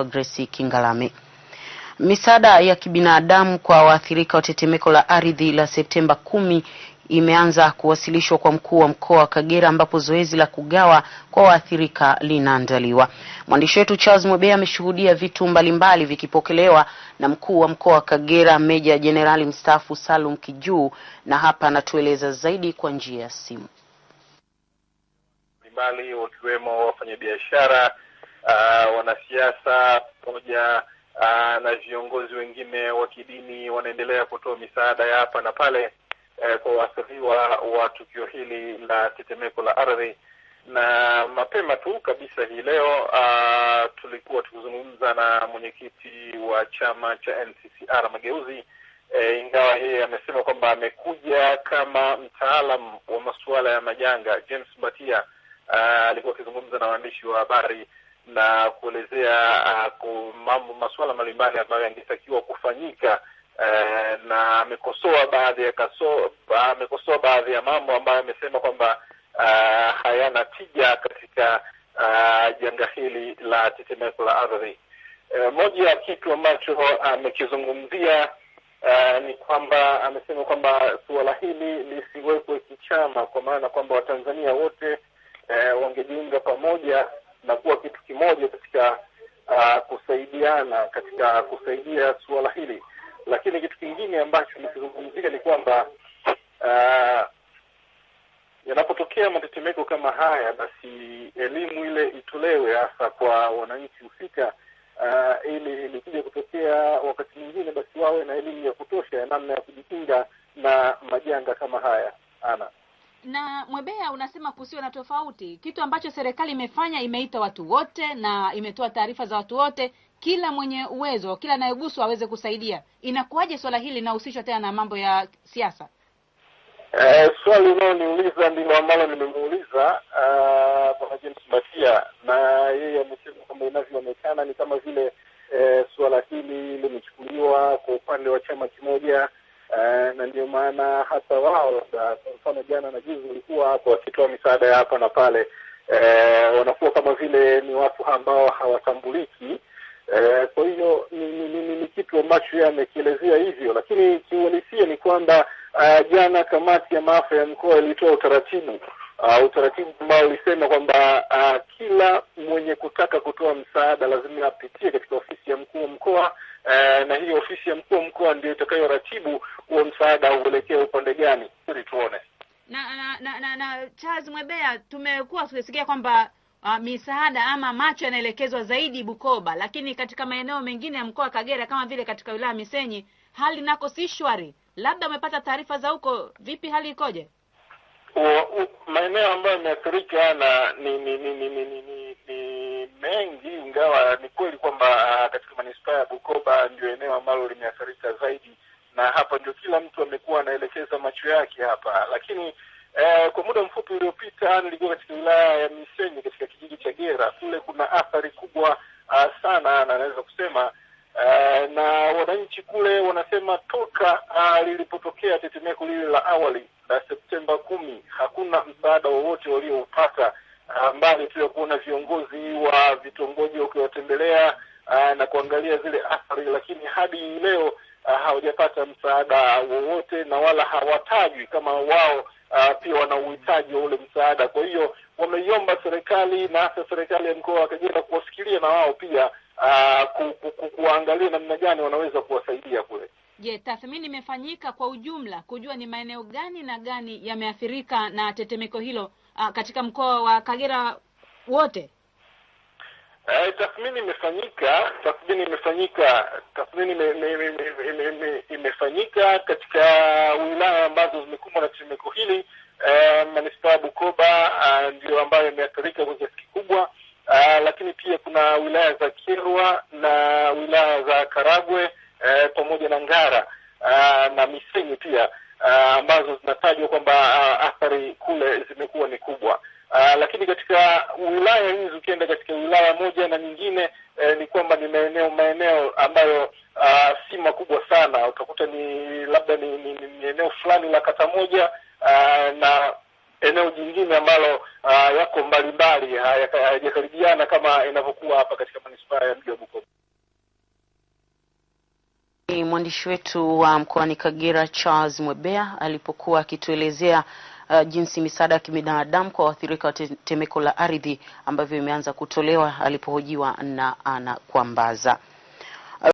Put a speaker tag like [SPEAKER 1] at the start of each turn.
[SPEAKER 1] anaitwa Grace Kingalame. Misaada ya kibinadamu kwa waathirika wa tetemeko la ardhi la Septemba kumi imeanza kuwasilishwa kwa mkuu wa mkoa wa Kagera ambapo zoezi la kugawa kwa waathirika linaandaliwa. Mwandishi wetu Charles Mwebea ameshuhudia vitu mbalimbali vikipokelewa na mkuu wa mkoa wa Kagera Meja Jenerali mstaafu Salum Kijuu, na hapa anatueleza zaidi kwa njia ya simu.
[SPEAKER 2] Mbalimbali wakiwemo wafanyabiashara uh, wanasiasa pamoja uh, na viongozi wengine wa kidini wanaendelea kutoa misaada ya hapa na pale uh, kwa waathiriwa wa tukio hili la tetemeko la ardhi. Na mapema tu kabisa hii leo uh, tulikuwa tukizungumza na mwenyekiti wa chama cha NCCR Mageuzi. E, ingawa yeye amesema kwamba amekuja kama mtaalam wa masuala ya majanga. James uh, alikuwa akizungumza na waandishi wa habari na kuelezea uh, mambo masuala mbalimbali ambayo yangetakiwa kufanyika uh, na amekosoa baadhi ya kaso, amekosoa baadhi ya mambo ambayo amesema kwamba uh, hayana tija katika uh, janga hili la tetemeko la ardhi. Uh, moja ya kitu ambacho amekizungumzia uh, ni kwamba amesema kwamba suala hili lisiwekwe kichama, kwa maana kwamba Watanzania wote uh, wangejiunga pamoja na kuwa kitu kimoja katika uh, kusaidiana katika kusaidia suala hili. Lakini kitu kingine ambacho nikizungumzia ni kwamba uh, yanapotokea matetemeko kama haya, basi elimu ile itolewe hasa kwa wananchi husika, uh, ili ilikuja kutokea wakati mwingine, basi wawe na elimu ya kutosha ya namna ya kujikinga na majanga kama haya ana
[SPEAKER 1] na Mwebea unasema kusiwe na tofauti, kitu ambacho serikali imefanya, imeita watu wote na imetoa taarifa za watu wote, kila mwenye uwezo, kila anayeguswa aweze kusaidia. Inakuwaje swala hili linahusishwa tena na mambo ya siasa?
[SPEAKER 2] Eh, swali unayoniuliza ndilo ambalo nimemuuliza ah, bwana James na yeye amesema kwamba inavyoonekana ni kama vile eh, suala hili limechukuliwa kwa upande wa chama kimoja eh, na ndio maana hasa wao labda kwa mfano jana na juzi walikuwa hapo wakitoa misaada ya hapa na pale eh, wanakuwa kama vile ni watu ambao hawatambuliki. Eh, kwa hiyo ni, ni, ni, ni, ni kitu ambacho amekielezea hivyo, lakini kiuhalisia ni kwamba uh, jana kamati ya maafa ya mkoa ilitoa utaratibu uh, utaratibu ambao ulisema kwamba uh, kila mwenye kutaka kutoa msaada lazima apitie katika ofisi ya mkuu wa mkoa eh, na hii ofisi ya mkuu wa mkoa ndio itakayoratibu huo msaada uelekee upande gani, ili tuone
[SPEAKER 1] na na na, na, na Charles Mwebea, tumekuwa tukisikia kwamba uh, misaada ama macho yanaelekezwa zaidi Bukoba, lakini katika maeneo mengine ya mkoa wa Kagera kama vile katika wilaya Misenyi hali nako si shwari. Labda umepata taarifa za huko, vipi, hali ikoje?
[SPEAKER 2] maeneo ambayo yameathirika na ni ni ni ni, ni, ni, ni mengi, ingawa ni kweli kwamba ah, katika manispaa ya Bukoba ndio eneo ambalo limeathirika zaidi, na hapa ndio kila mtu amekuwa anaelekeza macho yake hapa. Lakini eh, kwa muda mfupi uliopita nilikuwa katika wilaya ya Misenyi katika kijiji cha Gera, kule kuna athari kubwa uh, sana na naweza kusema Uh, na wananchi kule wanasema toka uh, lilipotokea tetemeko lile la awali la Septemba hakuna msaada wowote walioupata, ah, mbali tu ya kuona viongozi wa vitongoji wakiwatembelea ah, na kuangalia zile athari, lakini hadi leo ah, hawajapata msaada wowote na wala hawatajwi kama wao Uh, pia wana uhitaji wa ule msaada. Kwa hiyo wameiomba serikali na hasa serikali ya mkoa wa Kagera kuwasikilia na wao pia uh, ku, ku, ku, kuangalia namna gani wanaweza kuwasaidia kule.
[SPEAKER 1] Je, tathmini imefanyika kwa ujumla kujua ni maeneo gani na gani yameathirika na tetemeko hilo a, ah, katika mkoa wa Kagera wote?
[SPEAKER 2] E, tathmini imefanyika, tathmini imefanyika, tathmini imefanyika katika wilaya ambazo zimekumbwa na tetemeko hili. E, manispaa ya Bukoba ah, ndio ambayo imeathirika kwa kiasi kikubwa, ah, lakini pia kuna wilaya za Kirwa na wilaya za Karagwe na Ngara uh, na Misenyi pia ah, ambazo zinatajwa kwamba uh, athari kule zimekuwa ni kubwa uh, lakini katika wilaya hizi ukienda katika wilaya moja na nyingine eh, ni kwamba ni maeneo maeneo ambayo uh, si makubwa sana, utakuta ni labda ni, ni, ni, ni eneo fulani la kata moja uh, na eneo jingine ambalo uh, yako mbalimbali hayajakaribiana kama inavyokuwa hapa katika manispaa ya mji wa Bukoba
[SPEAKER 1] ni mwandishi wetu wa um, mkoani Kagera Charles Mwebea alipokuwa akituelezea uh, jinsi misaada ya kibinadamu kwa waathirika wa tetemeko la ardhi ambavyo imeanza kutolewa alipohojiwa na Ana Kwambaza.